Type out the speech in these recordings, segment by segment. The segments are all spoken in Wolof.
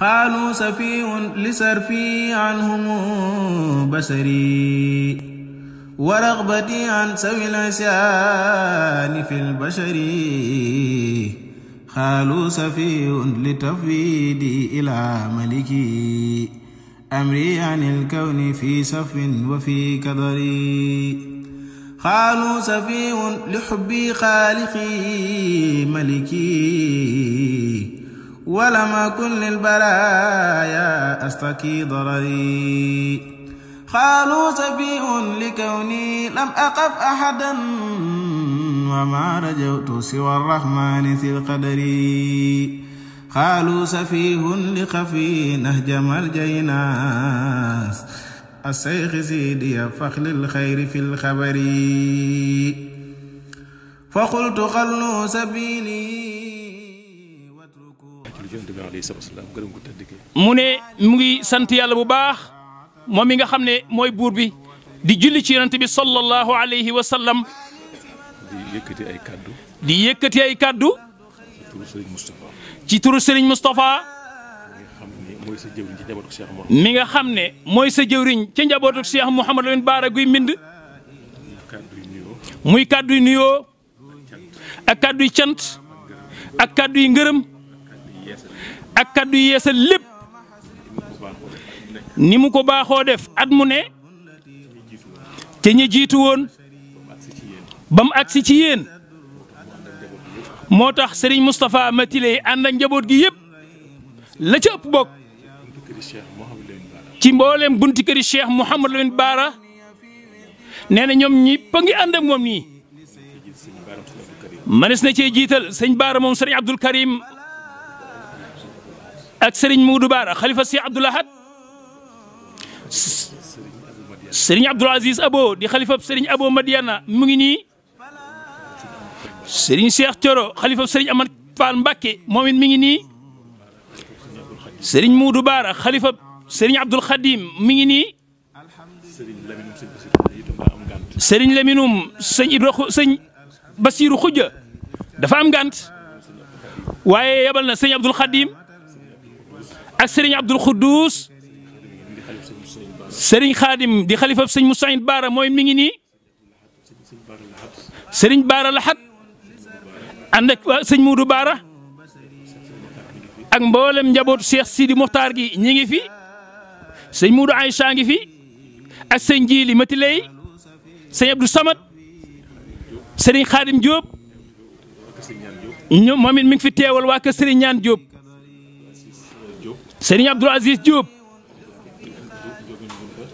قالوا سفيه لسرفي عنهم بشري ورغبتي عن سوي العصيان في البشر قالوا سفيه لتفيدي إلى ملكي أمري عن الكون في صف وفي كدري قالوا سفيه لحبي خالقي ملكي ولم أكن للبلايا أستكي ضرري قالوا سبيء لكوني لم أقف أحدا وما رجوت سوى الرحمن في القدر قالوا سفيه لخفي نهجم الجيناس الشيخ سيدي فخل الخير في الخبر فقلت خلوا سبيلي mu ne mu ngi sant yàlla bu baax moom mi nga xam ne mooy buur bi di julli ci yonent bi sallallahu alayhi wa sallam. di yëkkati ay kàddu di yëkkati ay kaddu. ci turu Serigne Moustapha. mi nga xam ne mooy sa jëwriñ ca njabootu Cheikh Mouhamad Lamine Baara guy mbind. muy kaddu yu ak kaddu cant. ak kaddu ngërëm. ak kaddu yeesal lépp ni mu ko baaxoo def at mu ne te ñi jiitu woon ba mu agsi ci yéen moo tax Serigne Moustapha Matilé ànd ak njaboot gi yëpp la ca ëpp bokk ci mboolem bunti këri Cheikh Mouhamadou Lamine Bara nee na ñoom ñëpp a ngi moom nii manes na cee jiital sëñ Bara moom sëriñ Abdul Karim ak Serigne Moudou Baara xalifa si Abdoul Ahad Serigne Abdoul Abo di xalifa Serigne Abo Madiana mu ngi nii Serigne Cheikh Thioro xalifa Serigne Amad Fall Mbacké moom it mi ngi nii Serigne Moudou Baara xalifa Serigne Abdoul Khadim mi ngi nii Serigne Laminum sëñ Ibra sëñ Basiru Khoudia dafa am gànt waaye yabal na sëñ Abdoul ak sëriñ Abdul Xuddus sëriñ Xaadim di xalifa sëñ Moussaïn Baara mooy mi ngi nii sëriñ Baara Laxat ànd ak sëñ Muudu Baara ak mboolem njabootu Cheikh Sidi Mokhtar gi ñi ngi fi sëñ Muudu Aïcha ngi fi ak sëñ Jiili Matiley sëñ Abdou Samad sëriñ Xaadim Diop ñoom moom fi teewal waa kër sëriñ Ñaan Diop. Serigne abdou Aziz Diop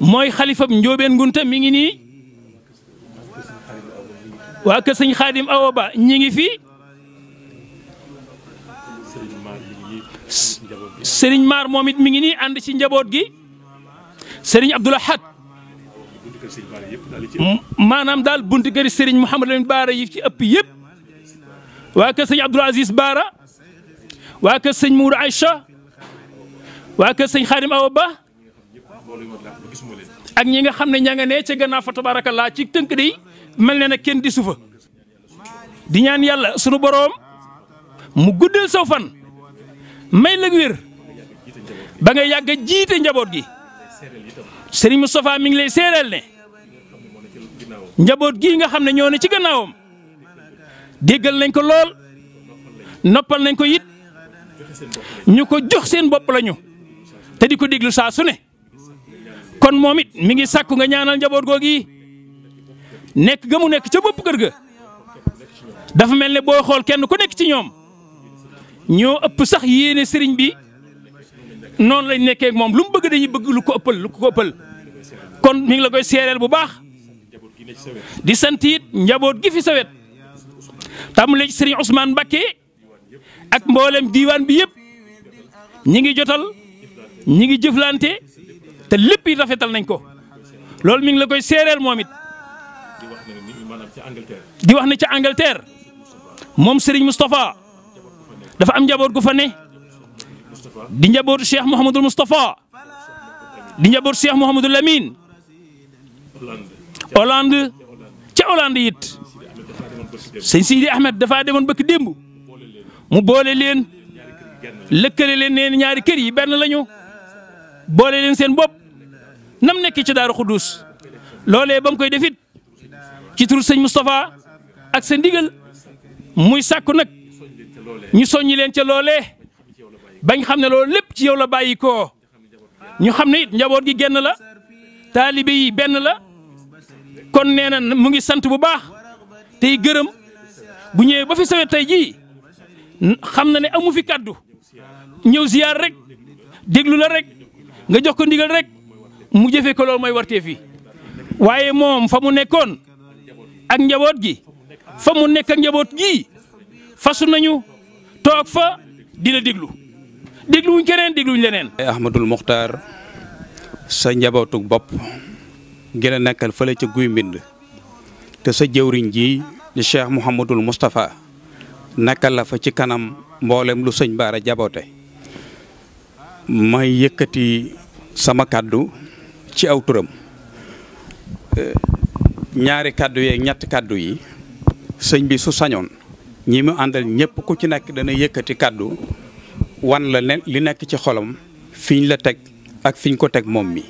moy khalifa njoben Ngunta mi ngi ni wa ke serigne khadim awoba ñi ngi fi Serigne Mar momit minggu mi ngi ni and ci njabot gi Serigne abdou Ahad manam dal buntu keur Serigne Mouhamadou Lamine bara yi ci ëpp yëpp wa ke serigne abdou Aziz Bara, wa ke serigne Mourou Aïcha wa ke seigne khadim awba ak ñi nga xamne ne ña nga ne ci ganna fa tabaarakallaa ci teunk di melne na kenn di sufa di ñaan yalla suñu borom mu guddal saw fan may la wir ba nga yag jité njabot gi sëriñ Moustapha mi ngi lay séeréel ne njabot gi nga xamne ne ci gannaawum deggal nañ ko lol noppal nañ ko yit ñuko jox seen bop lañu di ko déglu saa su ne moom it mi ngi sàkku nga ñaanal njaboot googu yi nekk ga mu nekk ca bopp kër ga dafa mel ne booy xool kenn ku nekk ci ñoom ñoo ëpp sax yéene sëriñ bi noonu lañ nekkee moom lu mu bëgg dañu bëgg lu ko ëppal kon mi ngi la koy seereel bu baax di sant njaboot gi fi sa wet tàmbalee ci sëriñ Ousmane ak mboolem diiwaan bi yëpp ñi ngi jotal. ñi ngi jëflante te lépp yi rafetal nañ ko loolu mi ngi la koy séeréer moom it di wax ne ca Angleterre moom Serigne Moustapha dafa am njaboot gu fa ne di njabootu Cheikh Mouhamadul Moustapha di njabootu Cheikh Mouhamadul Lamine Hollande ca Hollande it sëñ Sidi Ahmed dafaa demoon bëkk démb mu boole leen lëkkale leen nee ñaari kër yi benn lañu. boole leen seen bopp nam nekk ci Daaru Xuddus loolee ba mu koy defit ci turu sëñ Moustapha ak sa ndigal muy sàkku nag ñu soññi leen ca loolee bañ xam ne loolu lépp ci yow la bàyyi koo ñu xam ne it njaboot gi genn la taalibe yi benn la kon nee na mu ngi sant bu baax tey gërëm bu ñëwee ba fi sawet tey jii xam na ne amu fi kàddu ñëw ziyaar rek déglu la rek nga jox ko ndigal rek mu jëfee ko loolu mooy warteef yi waaye moom fa mu nekkoon ak njaboot gi fa mu nekk ak njaboot gi fasu nañu toog fa di déglu dégluwuñ keneen dégluwuñ leneen. Ahmadul Muxtaar sa njabootu bopp gën a nekkal fële ca guy mbind te sa jëwriñ ji di Cheikh Mouhamadul Moustapha nekkal la fa ci kanam mboolem lu sëñ Baara jaboote. may yëkkati sama kàddu ci aw turam eh, ñaari kàddu yeeg ñetti kàddu yi sëñ bi su sañoon ñii mu àndal ñëpp ku ci nekk dana yëkkati kàddu wan la li nekk ci xolam fiñ la teg ak fiñ ko teg moom mi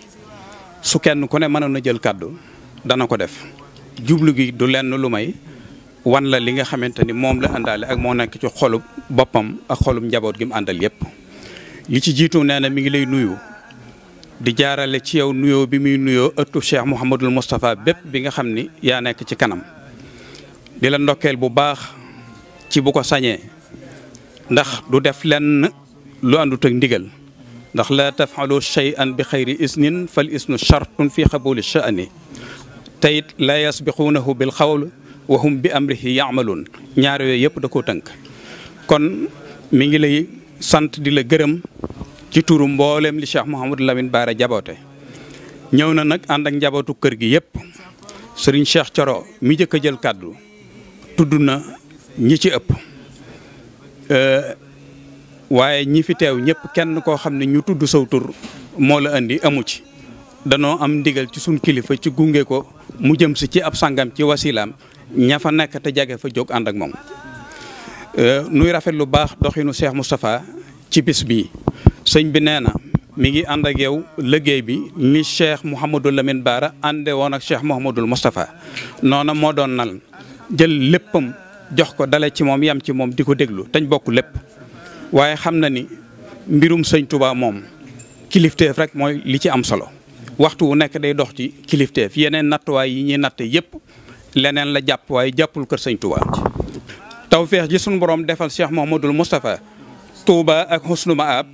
su kenn ku ne mënoon na jël kàddu dana ko def jublu gi du lenn lu may wan la li nga xamante ni moom la àndaale ak moo nekk ci xolub boppam ak xolub njaboot gi mu àndal yëpp yi ci jiitu nee mi ngi lay nuyu di jaarale ci yow nuyo bi mi nuyo ëttu Cheikh Mouhamadul Moustapha bépp bi nga xamni ya nek ci kanam di la ndokel bu baax ci bu ko sañé ndax du def len lu àndut ak ndigal ndax la tafalu shay'an bi xayri isnin fal isnu shartun fi xabuli sha'ni tayit la yasbiqunahu bil xawl wa hum bi amrihi ya'malun ñaar yooyu yep da ko tank kon mi ngi lay sant di la gërëm ci turu mboolem li Cheikh Mouhamadou Lamine baare jaboote ñëw na nag ànd ak njabootu kër gi yëpp sëriñ Cheikh Coro mi njëkk a jël kàddu tudd na ñi ci ëpp euh, waaye ñi fi teew ñëpp kenn koo xam ne ñu tudd saw tur moo la indi amu ci danoo am ndigal ci suñ kilifa ci gunge ko mu jëm si ci ab sangam ci wasilaam ña fa nekk te jage fa jóg ànd ak moom Euh, nuy rafet lu baax doxinu Cheikh Moustapha ci bis bi sëñ bi nee na mi ngi ànd ak yow liggéey bi ni Cheikh Mouhamadul Lamine Baara ànde woon ak Cheikh Mouhamadul Moustapha noona moo doon nal jël léppam jox ko dale ci moom yam ci moom di ko déglu dañ bokk lépp waaye xam na ni mbirum sëñ Touba moom kilifteef rek mooy li ci am solo waxtu wu nekk day dox ci kilifteef yeneen nattuwaay yi ñuy natte yépp leneen la jàpp waaye jàppul kër sëñ Touba. توفيق جسون sunu borom defal محمود المصطفى Moustapha Touba ak Husnu Maab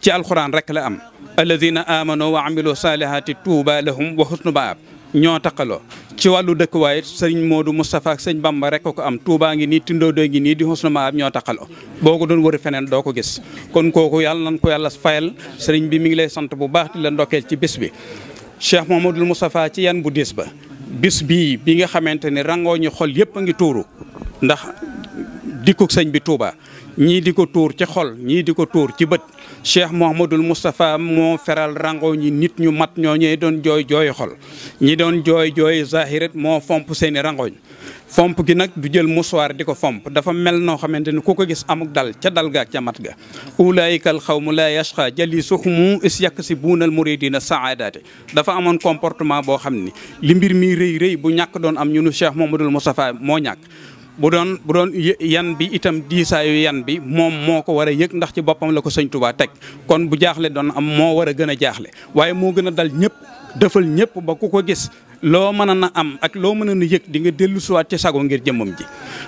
ci alxuraan rek la am. alladina amano wa amilu salihati Touba lahum wa Husnu Maab ñoo taqaloo ci wàllu dëkkuwaay sëñ Modou mustapha ak serigne Bamba rek ko am Touba ngi ni tindo do ngi ni di Husnu Maab ñoo taqaloo boo ko doon wëri feneen ko gis. kon koku yàlla nañ ko yàlla fayal serigne bi mi ngi lay sante bu baax di la ndokel ci bis bi Cheikh mamadou mustapha ci yane bu dis ba bis bi bi nga xamanteni rango ñu xol yep nga touru ndax. diko señ bi Touba ñi di tour ci xol ñi di tour ci beut Cheikh Mouhamadul Moustapha moo feral rango ñi nit ñu mat ñoo don joy joy joy xol ñi don joy joy zahirat moo fomp seen rango fomp gi nak du jël di fomp dafa mel no xamanteni kuko gis amuk dal ca dal ga ca mat ga ulaayikal xawmu la yashqa jali suxumu is yàkk si dafa amon comportement bo xamni li mbir mi reey reey bu ñak doon am ñunu Cheikh Mouhamadul Mustafa mo ñak bu doon bu doon yan bi itam diisaayu yan bi moom moo ko war a yëg ndax ci boppam la ko sëñ teg kon bu jaaxle doon am moo war a gën a jaaxle waaye moo gën a dal ñëpp defal ñëpp ba ku ko gis loo mën a na am ak loo mën a na yëg di nga dellu suwaat ci sago ngir jëmmam ji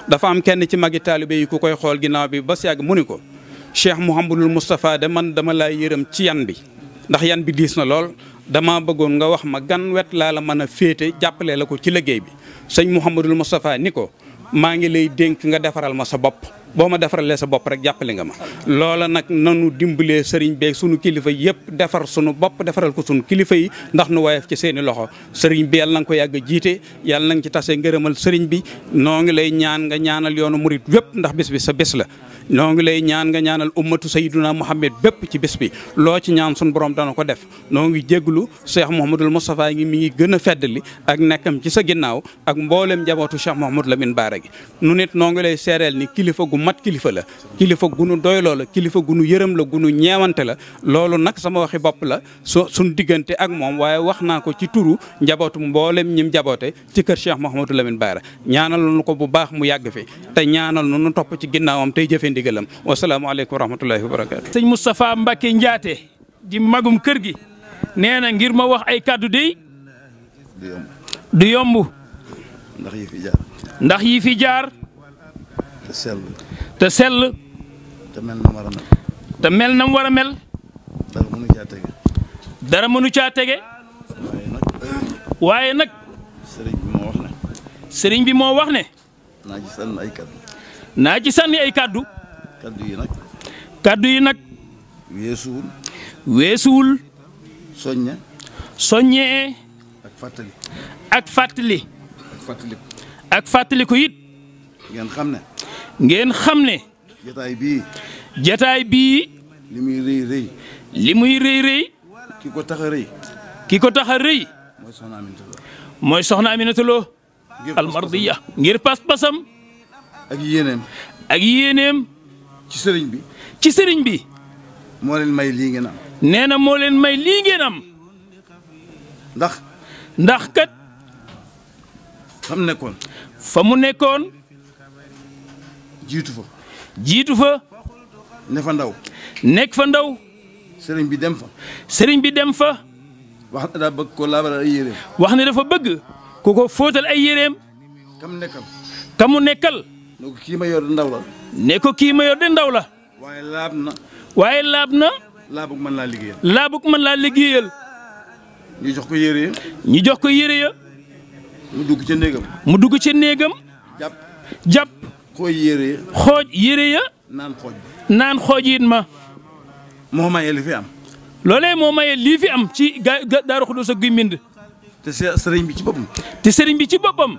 dafa am kenn ci magi taalibe yi ku koy xool ginnaaw bi ba si mu ni ko Cheikh Mouhamadul Moustapha de man dama laa yërëm ci yan bi ndax yan bi diis na lool dama bëggoon nga wax ma gan wet laa la mën a féete jàppale la ko ci liggéey bi sëñ Mouhamadul Moustapha ni ko maa ngi lay dénk nga defaral ma sa bopp boma ma lesa sa bopp rek jàppale nga ma lola nak nanu dimbele serigne bey sunu kilifa yep defar sunu bop defaral ko sunu kilifa yi ndax nu wayef ci seeni loxo serigne bi yalla nang ko yag jite yalla nang ci tasse ngeureumal serigne bi nongi lay ñaan nga ñaanal yoonu yep ndax bes bi sa bes la nongi lay ñaan nga ñaanal ummatu sayyiduna muhammad bepp ci bes bi lo ci ñaan sunu borom dana ko def nongi jeglu cheikh mouhamadul mustafa ngi mi ngi gëna feddali ak nekkam ci sa ginnaw ak mbollem njabootu cheikh mouhamadou lamine nu nit nongi lay sérel ni kilifa gu mat kilifa la kilifa gunu doyloo la kilifa gunu yërëm la gunu ñeewante la loolu nag sama waxi bopp la su suñ diggante ak moom waaye wax naa ko ci turu njabootu mboolem ñim njaboote ci kër Cheikh Mouhamadou Lamine Bara ñaanal nu ko bu baax mu yàgg fi te ñaanal nu nu topp ci ginnaawam tey jëfe ndigalam wasalaamaaleykum wa rahmatullahi wa barakaatu sëñ Moustapha Mbacke njaate di magum kër gi nee na ngir ma wax ay kàddu dey du yomb ndax yi jaar te sell. te mel na mu war a mel. te dara mënu caa tege. dara mënu caa tege. waaye nag. waaye sëriñ bi moo wax ne. sëriñ naa ci sànni ay kaddu. naa ay kaddu. kaddu yi nag. kàddu yi nag. weesuwul. weesuwul. soññe. soññee. ak fàttali. ak fàttali. ak fàttaliku. ak ngeen xam ne. ngeen xam ne. jataay bi jataay bi li muy rëy rëy. li muy rëy rëy. ki ko tax a rëy. ki ko tax a rëy. mooy soxna Aminata Lo. soxna Aminata Lo. almardiya ngir pas-pasam. ak yéeneem. ak yéeneem. ci sëriñ bi. ci sëriñ bi. moo leen may lii am. nee na moo leen may lii ngeen am. ndax. ndax kat. fa mu nekkoon. fa mu nekkoon. jiitu fa. jiitu fa. ne fa ndaw. nekk fa ndaw. sëriñ bi dem fa. sëriñ bi dem fa. wax ne bëgg koo laabalal ay wax ne dafa bëgg. ko ko fóotal ay yéreem. kam nekkal. kamu nekkal. ne ko kii ma yor de ndaw la. ne ko kii ma yor de ndaw la. waaye laab na. waaye laab na. laabug mën laa liggéeyal. laabug mën laa liggéeyal. ñu ko yére jox ko yére mu dugg ca néegam. mu dugg ca néegam. xooj yére ya. xooj yére ya. naan xooj naan xooj it ma. moo maye li am. loolee moo maye lii fi am ci ga Daaru Xudoos Guy Mbind. te sëriñ bi ci boppam. te sëriñ bi ci boppam.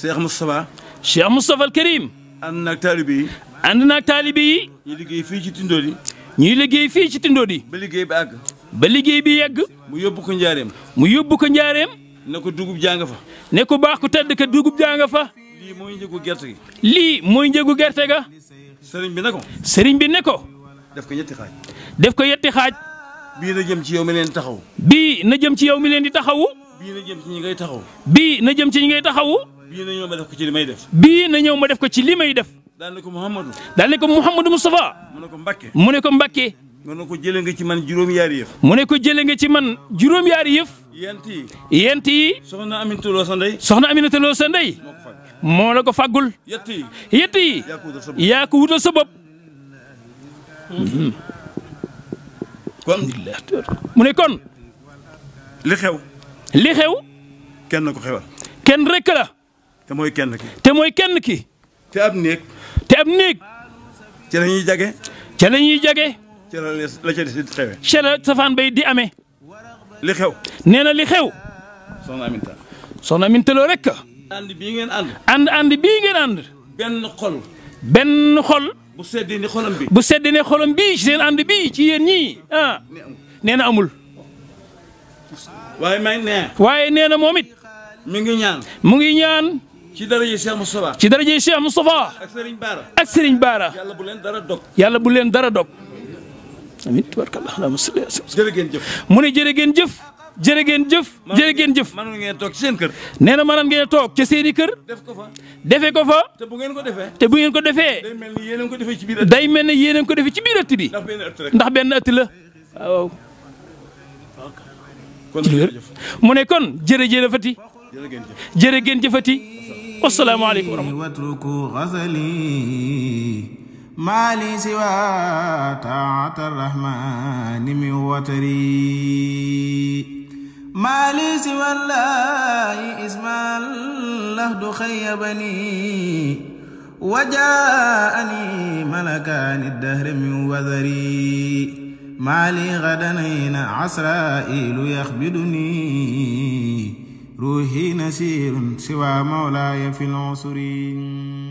Cheikh Moustapha. Cheikh Moustapha al Karim. ànd naag taalibe yi. ànd naag taalibe yi. ñu liggéey fii ci Tindodi. ñuy liggéey fii ci Tindodi. ba liggéey bi àgg. ba liggéey bi yegg. mu yóbbu ko njaareem. mu yóbbu ko njaareem. ne ko dugub jaa nga fa. ne ko baax ku tedd ka dugub jaa nga fa. lii mooy njëgu gerte lii mooy njëgu gerte ga. sëriñ bi ne ko. sëriñ bi ne ko. def ko ñetti xaaj. def ko yetti xaaj. bii na jëm ci yow mi leen di taxaw. bii na jëm ci yow mi leen di taxawu. bii na jëm ci ñi ngay taxaw. bii na jëm ci ñi ngay taxawu. bii na ñëw ma def ko ci li may def. bii na ñëw ma def ko ci li may def. daal ne ko Mouhamadou. daal ne ko Mouhamadou mu ne ko Mbacke. mu ne ko Mbacke. mu ne ko jëlee nga ci man juróom yaar yëf. mu ne ko jële nga ci man juróom yaar yëf. yent yi. yent yi. soxna Aminata Lo sa ndey. soxna Aminata Lo sa ndey. moo la ko fàggul yett yi yaa ko wutal sa bopp mu ne kon li xew li xew kenn ko xewal kenn rek la te mooy kenn ki te mooy néeg te am néeg ci la ñuy jage ca ñuy jage ca la di safaan bay di amee li xew nee na li xew soxna Aminta soxna Aminta loo rek ànd bii ngeen ànd. ànd ànd bii ngeen ànd. benn xol. benn xol. bu seddee ne xolam bi. bu seddee ne xolam bii seen ànd bii ci yéen ñii ah. neena amul. waaye may nee. waaye nee na moom it. mi ngi ñaan. mu ngi ñaan. ci darajee Cheikh Moustapha. ci darajee Cheikh Moustapha. ak Serigne Baara. ak Baara. yàlla bu leen dara dog. yàlla bu leen dara dog. amiin mu ne jërë ngeen jëf. jërë geen jëf jërë ngeen jëf mënoon ngeen toog ci seen kër nee na mënoon ngeen toog ca seen kër def ko fa defee ko fa te bu ngeen ko defee te bu ngeen ko defee day mel yéen a ko defee ci biir day mel ni yéen ko defee ci biir ëtt bi ndax benn ëtt la waaw kon mu ne kon jërëjëfati jërë ngeen jëfati asalaamaaleykum wa rahmatulah ما لي سوى طاعة الرحمن من ما لي سوى الله إسمى اللهد خيبني وجاءني ملكان الدهر من وذري ما لي غدنين عسرائيل يخبدني روحي نسير سوى مولاي في العسر